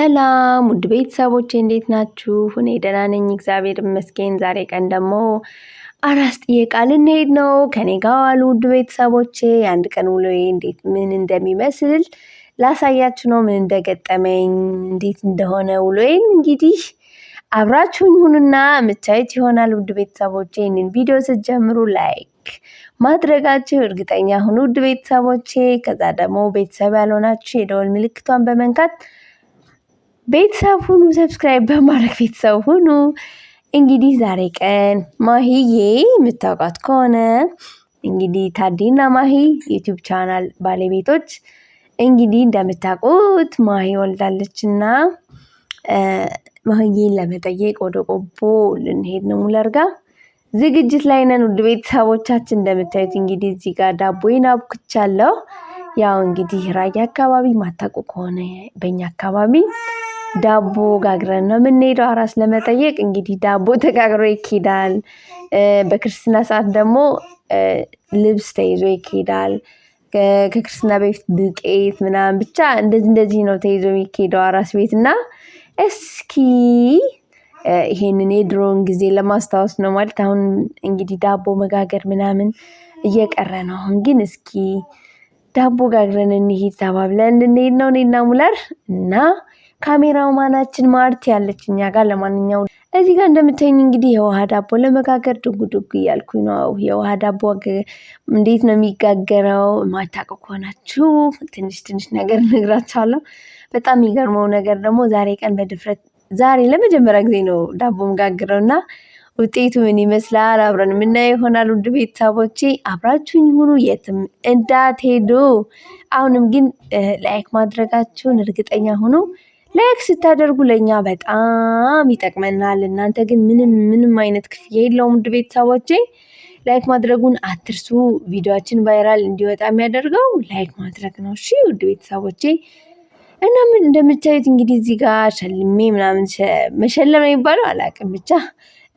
ሰላም ውድ ቤተሰቦቼ እንዴት ናችሁ? እኔ ደህና ነኝ፣ እግዚአብሔር ይመስገን። ዛሬ ቀን ደግሞ አራስ ጥየቃ ልንሄድ ነው። ከኔ ጋር ዋሉ ውድ ቤተሰቦቼ። አንድ ቀን ውሎዬ እንዴት ምን እንደሚመስል ላሳያችሁ ነው። ምን እንደገጠመኝ እንዴት እንደሆነ ውሎዬን እንግዲህ አብራችሁኝ ሁኑና ምታዩት ይሆናል። ውድ ቤተሰቦቼ ይህንን ቪዲዮ ስትጀምሩ ላይክ ማድረጋችሁ እርግጠኛ ሁኑ ውድ ቤተሰቦቼ። ከዛ ደግሞ ቤተሰብ ያልሆናችሁ የደወል ምልክቷን በመንካት ቤተሰብ ሁኑ፣ ሰብስክራይብ በማድረግ ቤተሰብ ሁኑ። እንግዲህ ዛሬ ቀን ማሂዬ የምታውቃት ከሆነ እንግዲህ ታዲና ማሂ ዩቲዩብ ቻናል ባለቤቶች እንግዲህ እንደምታውቁት ማሂ ወልዳለች እና ማሂዬን ለመጠየቅ ወደ ቆቦ ልንሄድ ነው ሙለርጋ ዝግጅት ላይ ነን። ውድ ቤተሰቦቻችን እንደምታዩት እንግዲህ እዚህ ጋር ዳቦዬን አብኩቻለሁ። ያው እንግዲህ ራያ አካባቢ ማታውቁ ከሆነ በእኛ አካባቢ ዳቦ ጋግረን ነው የምንሄደው አራስ ለመጠየቅ። እንግዲህ ዳቦ ተጋግሮ ይኬዳል። በክርስትና ሰዓት ደግሞ ልብስ ተይዞ ይኬዳል። ከክርስትና በፊት ዱቄት ምናምን ብቻ እንደዚህ እንደዚህ ነው ተይዞ የሚኬደው አራስ ቤት እና እስኪ ይሄንን የድሮውን ጊዜ ለማስታወስ ነው ማለት። አሁን እንግዲህ ዳቦ መጋገር ምናምን እየቀረ ነው። አሁን ግን እስኪ ዳቦ ጋግረን እንሄድ ተባብለን እንድንሄድ ነው እኔና ሙላር እና ካሜራው ማናችን ማርቲ ያለች እኛ ጋር። ለማንኛው እዚህ ጋር እንደምታይኝ እንግዲህ የውሃ ዳቦ ለመጋገር ድጉ ድጉ እያልኩኝ ነው። የውሃ ዳቦ እንዴት ነው የሚጋገረው ማታውቁ ከሆናችሁ ትንሽ ትንሽ ነገር እነግራችኋለሁ። በጣም የሚገርመው ነገር ደግሞ ዛሬ ቀን በድፍረት ዛሬ ለመጀመሪያ ጊዜ ነው ዳቦ መጋግረው እና ውጤቱ ምን ይመስላል አብረን የምናየው ይሆናል። ውድ ቤተሰቦቼ አብራችሁኝ ሁኑ፣ የትም እንዳትሄዱ። አሁንም ግን ላይክ ማድረጋችሁን እርግጠኛ ሁኑ። ላይክ ስታደርጉ ለእኛ በጣም ይጠቅመናል። እናንተ ግን ምንም ምንም አይነት ክፍያ የለውም። ውድ ቤተሰቦቼ ላይክ ማድረጉን አትርሱ። ቪዲዮችን ቫይራል እንዲወጣ የሚያደርገው ላይክ ማድረግ ነው። እሺ ውድ ቤተሰቦቼ እና ምን እንደምታዩት እንግዲህ እዚህ ጋር ሸልሜ ምናምን መሸለም ነው የሚባለው አላውቅም። ብቻ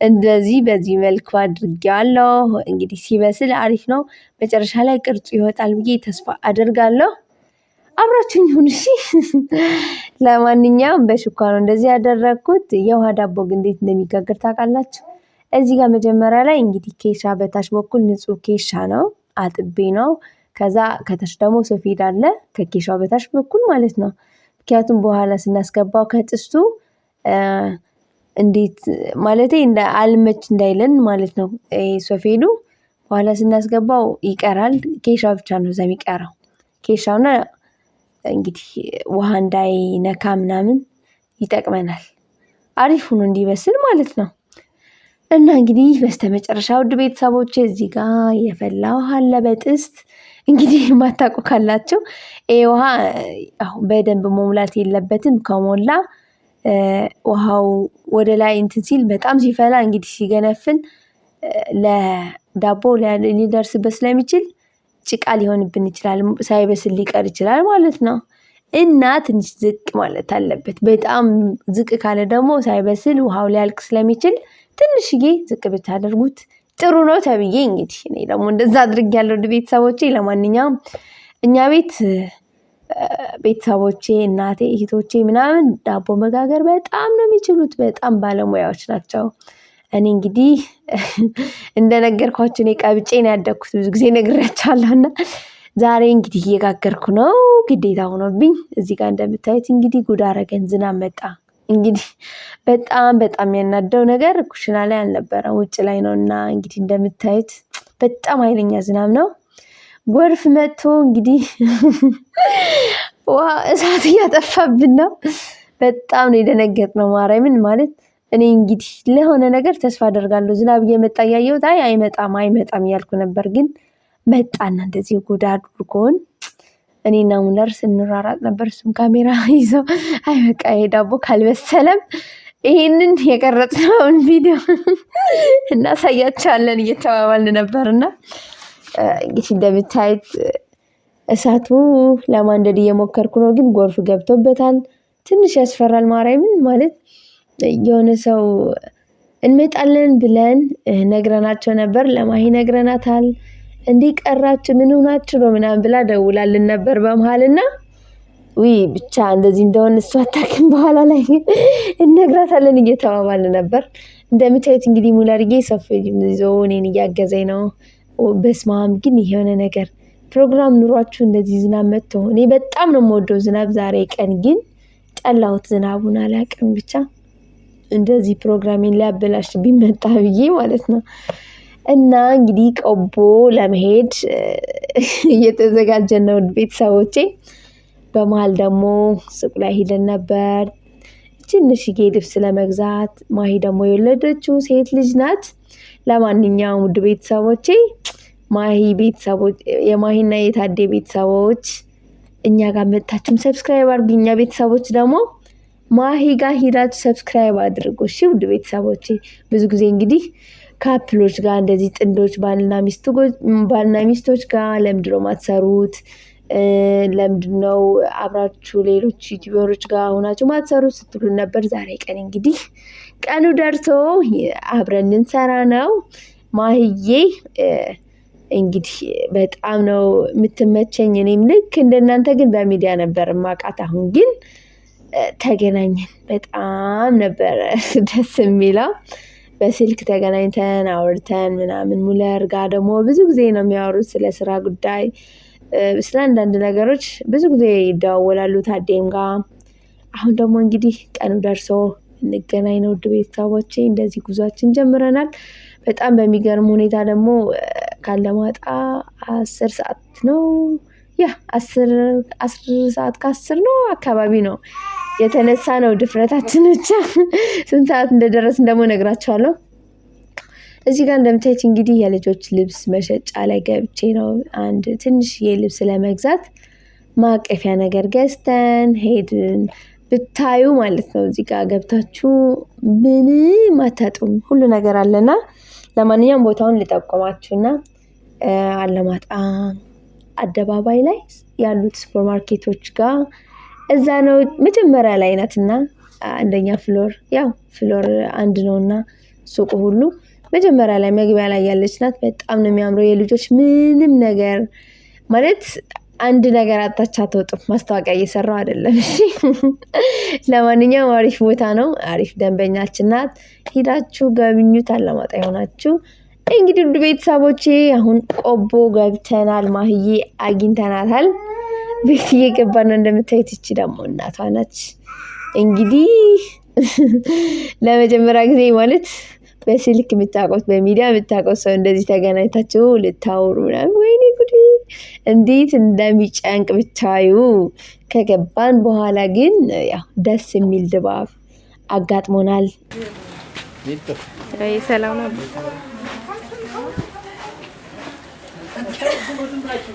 እንደዚህ በዚህ መልኩ አድርጌዋለሁ። እንግዲህ ሲበስል አሪፍ ነው። መጨረሻ ላይ ቅርጹ ይወጣል ብዬ ተስፋ አደርጋለሁ። አብራችሁኝ ሁን እሺ። ለማንኛውም በሹካ ነው እንደዚህ ያደረግኩት። የውሃ ዳቦ ግን እንዴት እንደሚጋገር ታውቃላችሁ። እዚህ ጋር መጀመሪያ ላይ እንግዲህ ኬሻ በታች በኩል ንጹህ ኬሻ ነው አጥቤ ነው። ከዛ ከታች ደግሞ ሶፌድ አለ ከኬሻው በታች በኩል ማለት ነው። ምክንያቱም በኋላ ስናስገባው ከጥስቱ እንዴት ማለት አልመች እንዳይለን ማለት ነው። ሶፌዱ በኋላ ስናስገባው ይቀራል። ኬሻ ብቻ ነው እዛ ኬሻውና እንግዲህ ውሃ እንዳይነካ ምናምን ይጠቅመናል። አሪፍ ሆኖ እንዲበስል ማለት ነው። እና እንግዲህ በስተመጨረሻ ውድ ቤተሰቦች እዚህ ጋር የፈላ ውሃ አለ በጥስት እንግዲህ የማታውቁ ካላቸው ይሄ ውሃ በደንብ መሙላት የለበትም። ከሞላ ውሃው ወደ ላይ እንትን ሲል በጣም ሲፈላ እንግዲህ ሲገነፍል ለዳቦ ሊደርስበት ስለሚችል ጭቃ ሊሆንብን ይችላል፣ ሳይበስል ሊቀር ይችላል ማለት ነው። እና ትንሽ ዝቅ ማለት አለበት። በጣም ዝቅ ካለ ደግሞ ሳይበስል ውሃው ሊያልቅ ስለሚችል ትንሽዬ ዝቅ ብታደርጉት ጥሩ ነው ተብዬ እንግዲህ እኔ ደግሞ እንደዛ አድርግ ያለው ቤተሰቦቼ። ለማንኛውም እኛ ቤት ቤተሰቦቼ፣ እናቴ፣ እህቶቼ ምናምን ዳቦ መጋገር በጣም ነው የሚችሉት። በጣም ባለሙያዎች ናቸው። እኔ እንግዲህ እንደነገርኳችሁ እኔ ቀብጬ ነው ያደግኩት። ብዙ ጊዜ ነግሬያችኋለሁ እና ዛሬ እንግዲህ እየጋገርኩ ነው፣ ግዴታ ሆኖብኝ። እዚህ ጋር እንደምታዩት እንግዲህ ጉድ አረገን፣ ዝናብ መጣ። እንግዲህ በጣም በጣም ያናደው ነገር ኩሽና ላይ አልነበረም፣ ውጭ ላይ ነው እና እንግዲህ እንደምታዩት በጣም ኃይለኛ ዝናብ ነው። ጎርፍ መጥቶ እንግዲህ ዋ እሳት እያጠፋብን ነው። በጣም ነው የደነገጥ ነው ምን ማለት እኔ እንግዲህ ለሆነ ነገር ተስፋ አደርጋለሁ። ዝናብ እየመጣ እያየሁት አይ አይመጣም አይመጣም እያልኩ ነበር፣ ግን መጣና እንደዚህ ጎዳ አድርጎን እኔና ሙለር ስንራራጥ ነበር። እሱም ካሜራ ይዘው አይ በቃ ይሄ ዳቦ ካልበሰለም ይህንን የቀረጽነውን ቪዲዮ እናሳያቸዋለን እየተባባልን ነበር እና እንግዲህ እንደምታዩት እሳቱ ለማንደድ እየሞከርኩ ነው፣ ግን ጎርፍ ገብቶበታል። ትንሽ ያስፈራል። ማርያምን ማለት የሆነ ሰው እንመጣለን ብለን ነግረናቸው ነበር። ለማሂ ነግረናታል። እንዲህ ቀራችሁ ምን ሆናችሁ ነው ምናምን ብላ ደውላልን ነበር በመሀልና ውይ ብቻ እንደዚህ እንደሆን እሷ አታውቅም። በኋላ ላይ እነግራታለን እየተባባል ነበር። እንደምታዩት እንግዲህ ሙላርጌ ሰፊ ይዞ እኔን እያገዘኝ ነው። በስማም ግን የሆነ ነገር ፕሮግራም ኑሯችሁ እንደዚህ ዝናብ መጥቶ እኔ በጣም ነው የምወደው ዝናብ። ዛሬ ቀን ግን ጠላሁት ዝናቡን አላውቅም ብቻ እንደዚህ ፕሮግራሜን ሊያበላሽ ቢመጣ ብዬ ማለት ነው። እና እንግዲህ ቆቦ ለመሄድ እየተዘጋጀን ነው ቤተሰቦቼ። በመሀል ደግሞ ሱቅ ላይ ሂደን ነበር ትንሽዬ ልብስ ለመግዛት። ማሂ ደግሞ የወለደችው ሴት ልጅ ናት። ለማንኛውም ውድ ቤተሰቦቼ ማሂ ቤተሰቦች የማሂና የታዴ ቤተሰቦች እኛ ጋር መጥታችሁም ሰብስክራይብ አድርጉ። እኛ ቤተሰቦች ደግሞ ማሂጋ ሂዳችሁ ሰብስክራይብ አድርጉ። እሺ ውድ ቤተሰቦቼ ብዙ ጊዜ እንግዲህ ካፕሎች ጋር እንደዚህ ጥንዶች ባልና ሚስቶች ጋር ለምንድነው ማትሰሩት? ለምንድነው አብራችሁ ሌሎች ዩቲዩበሮች ጋር ሆናችሁ ማትሰሩት ስትሉ ነበር። ዛሬ ቀን እንግዲህ ቀኑ ደርሶ አብረን እንሰራ ነው። ማህዬ እንግዲህ በጣም ነው የምትመቸኝ። እኔም ልክ እንደናንተ ግን በሚዲያ ነበር ማቃት። አሁን ግን ተገናኘን። በጣም ነበረ ደስ የሚለው። በስልክ ተገናኝተን አውርተን ምናምን ሙለር ጋር ደግሞ ብዙ ጊዜ ነው የሚያወሩት ስለ ስራ ጉዳይ፣ ስለ አንዳንድ ነገሮች ብዙ ጊዜ ይደዋወላሉ ታዴም ጋር። አሁን ደግሞ እንግዲህ ቀኑ ደርሶ እንገናኝ ነው ውድ ቤተሰቦቼ። እንደዚህ ጉዟችን ጀምረናል። በጣም በሚገርም ሁኔታ ደግሞ ካለማጣ አስር ሰዓት ነው ያ አስር ሰዓት ከአስር ነው አካባቢ ነው የተነሳ ነው ድፍረታችን ብቻ። ስንት ሰዓት እንደደረስን ደግሞ ነግራቸዋለሁ። እዚህ ጋር እንደምታዩት እንግዲህ የልጆች ልብስ መሸጫ ላይ ገብቼ ነው አንድ ትንሽዬ ልብስ ለመግዛት ማቀፊያ ነገር ገዝተን ሄድን። ብታዩ ማለት ነው እዚህ ጋር ገብታችሁ ምንም አታጡም፣ ሁሉ ነገር አለና ለማንኛውም ቦታውን ልጠቆማችሁና አለማጣ አደባባይ ላይ ያሉት ሱፐርማርኬቶች ጋር እዛ ነው መጀመሪያ ላይ ናትና አንደኛ ፍሎር ያው ፍሎር አንድ ነውና ሱቁ ሁሉ መጀመሪያ ላይ መግቢያ ላይ ያለች ናት። በጣም ነው የሚያምረው። የልጆች ምንም ነገር ማለት አንድ ነገር አታች አትወጡም። ማስታወቂያ እየሰራው አይደለም። እሺ፣ ለማንኛውም አሪፍ ቦታ ነው። አሪፍ ደንበኛችን ናት። ሂዳችሁ ገብኙት። አላማጣ የሆናችሁ እንግዲህ ቤተሰቦቼ አሁን ቆቦ ገብተናል። ማህዬ አግኝተናታል። ቤት እየገባ ነው። እንደምታዩት ይቺ ደግሞ እናቷ ናች። እንግዲህ ለመጀመሪያ ጊዜ ማለት በስልክ የምታውቁት በሚዲያ የምታውቁት ሰው እንደዚህ ተገናኝታችሁ ልታወሩ ምናምን፣ ወይኔ ጉዴ እንዴት እንደሚጨንቅ ብታዩ። ከገባን በኋላ ግን ያው ደስ የሚል ድባብ አጋጥሞናል። ሰላም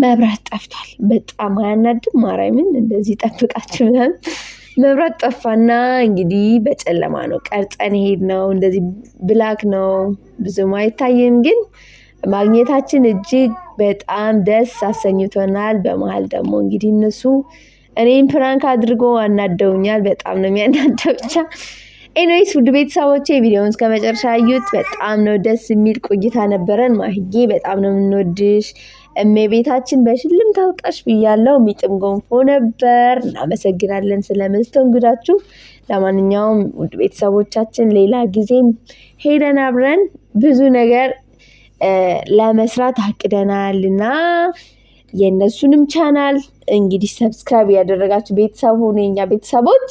መብራት ጠፍቷል። በጣም አያናድም? ማርያምን እንደዚህ ጠብቃችሁ ምናምን መብራት ጠፋና እንግዲህ በጨለማ ነው ቀርጸን ሄድ ነው እንደዚህ ብላክ ነው ብዙም አይታይም፣ ግን ማግኘታችን እጅግ በጣም ደስ አሰኝቶናል። በመሀል ደግሞ እንግዲህ እነሱ እኔም ፕራንክ አድርጎ አናደውኛል። በጣም ነው የሚያናደው ብቻ ኤኖይስ ውድ ቤተሰቦቼ ቪዲዮውን እስከ መጨረሻ እዩት። በጣም ነው ደስ የሚል ቆይታ ነበረን። ማህዬ በጣም ነው የምንወድሽ እሜ ቤታችን በሽልም ታውቃሽ ብያለው። ሚጥም ጎንፎ ነበር። እናመሰግናለን ስለ ለማንኛውም ውድ ቤተሰቦቻችን ሌላ ጊዜም ሄደን አብረን ብዙ ነገር ለመስራት አቅደናል እና የእነሱንም ቻናል እንግዲህ ሰብስክራይብ ያደረጋችሁ ቤተሰብ ሆኑ የኛ ቤተሰቦች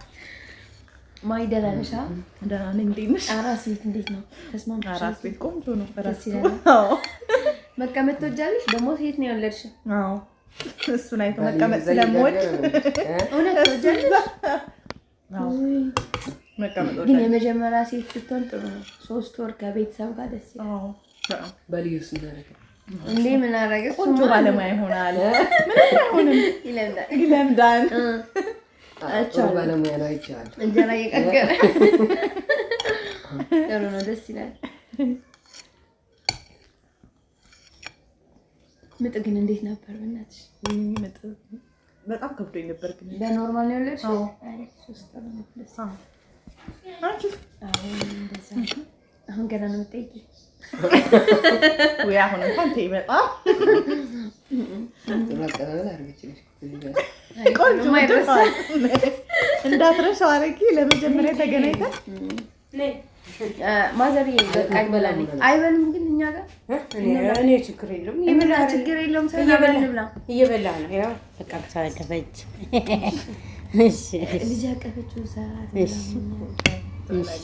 ማይ ደህና ነሽ? ደህና ነኝ። እንዴት ነሽ? አራስ ቤት እንዴት ነው? ተስማምተሽ? አራስ ቤት ቆንጆ ነው። ራስ መቀመጥ ትወጃለሽ? ደግሞ ሴት ነው ያለሽው። አዎ እሱን አይቶ መቀመጥ ስለምወድ እውነት ትወጃለሽ? አዎ መቀመጥ ግን የመጀመሪያ ሴት ስትሆን ጥሩ ነው። ሶስት ወር ከቤተሰብ ጋር ደስ ይላል። አዎ እንዴ ምን አደረገ? ቆንጆ ባለሙያ ይሆናል። ምን አይሆንም፣ ይለምዳል፣ ይለምዳል ባለሙያ ነው አይቻልም። እንጀራ እየቀቀለ ጥሩ ነው፣ ደስ ይላል። ምጥ ግን እንዴት ነበር? በእናትሽ ምጥ በጣም ከብዶኝ ነበር። ግን በኖርማል ነው ያለሽ? አዎ። አሁን ገና ነው የምጠይቂው ወይ አሁን እንኳን ተይመጣ ቆንጆ እንዳትረሻው አረጊ። ለመጀመሪያ ተገናኝተን ማዘርዬ በቃ ይበላልኝ አይበልም፣ ግን እኛ ጋር እኔ ችግር የለውም ይበላ፣ ችግር የለውም። ሳይበላ እየበላ ነው። ያው በቃ ተሳደፈች። እሺ ልጅ አቀፈችው ሰዓት እሺ እሺ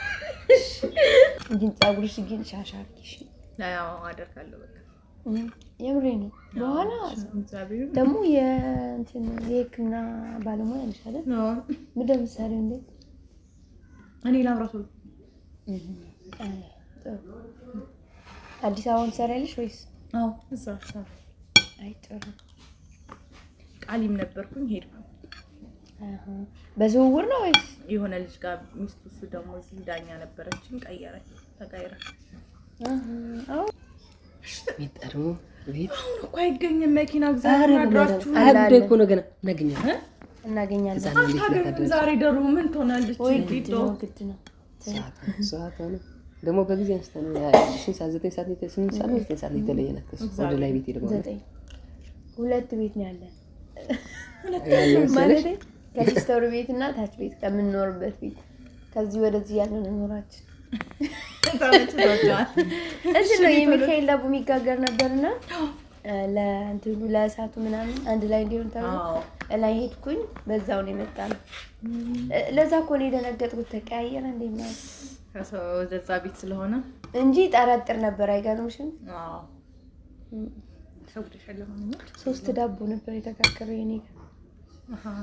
ግን ፀጉርሽ ግን ሻሻ አደርጋለሁ የምሬ ነው። በኋላ ደግሞ የሕክምና ባለሙያ ነሽ ምንድን ነው የምትሰሪው? እኔ ላብራቶሪ አዲስ አበባ ትሰሪያለሽ ወይስ? አዎ እዛ ቃሊም ነበርኩኝ ሄድኩ በዝውውር ነው ወይስ የሆነ ልጅ ጋር ሚስቱ? እሱ ደግሞ እዚህ ዳኛ ነበረችን፣ ቀየረች፣ ተቀይረች። ሚጠሩ ቤት አሁን እኮ አይገኝም መኪና። እግዚአብሔር ነው። ገና እናገኛለን እናገኛለን። ዛሬ ደሩ ምን ትሆናለች? ግድ ነው ደግሞ በጊዜ አንስተን የተለየ ናት። ወደ ላይ ቤት ሄደ ሁለት ቤት ነው ያለን ከሲስተሩ ቤት እና ታች ቤት ከምንኖርበት ቤት ከዚህ ወደዚህ ያለን ኑሯችን እዚ ነው የሚካኤል ዳቦ የሚጋገር ነበር እና ለእንትኑ ለእሳቱ ምናምን አንድ ላይ እንዲሆን ተብሎ ላይ ሄድኩኝ። በዛው ነው የመጣ ነው። ለዛ እኮ ነው የደነገጥኩት። ተቀያየረ እንደሚያዝ ወደዛ ቤት ስለሆነ እንጂ ጠረጥር ነበር። አይገርምሽም? ሶስት ዳቦ ነበር የተጋገረው የኔ ጋር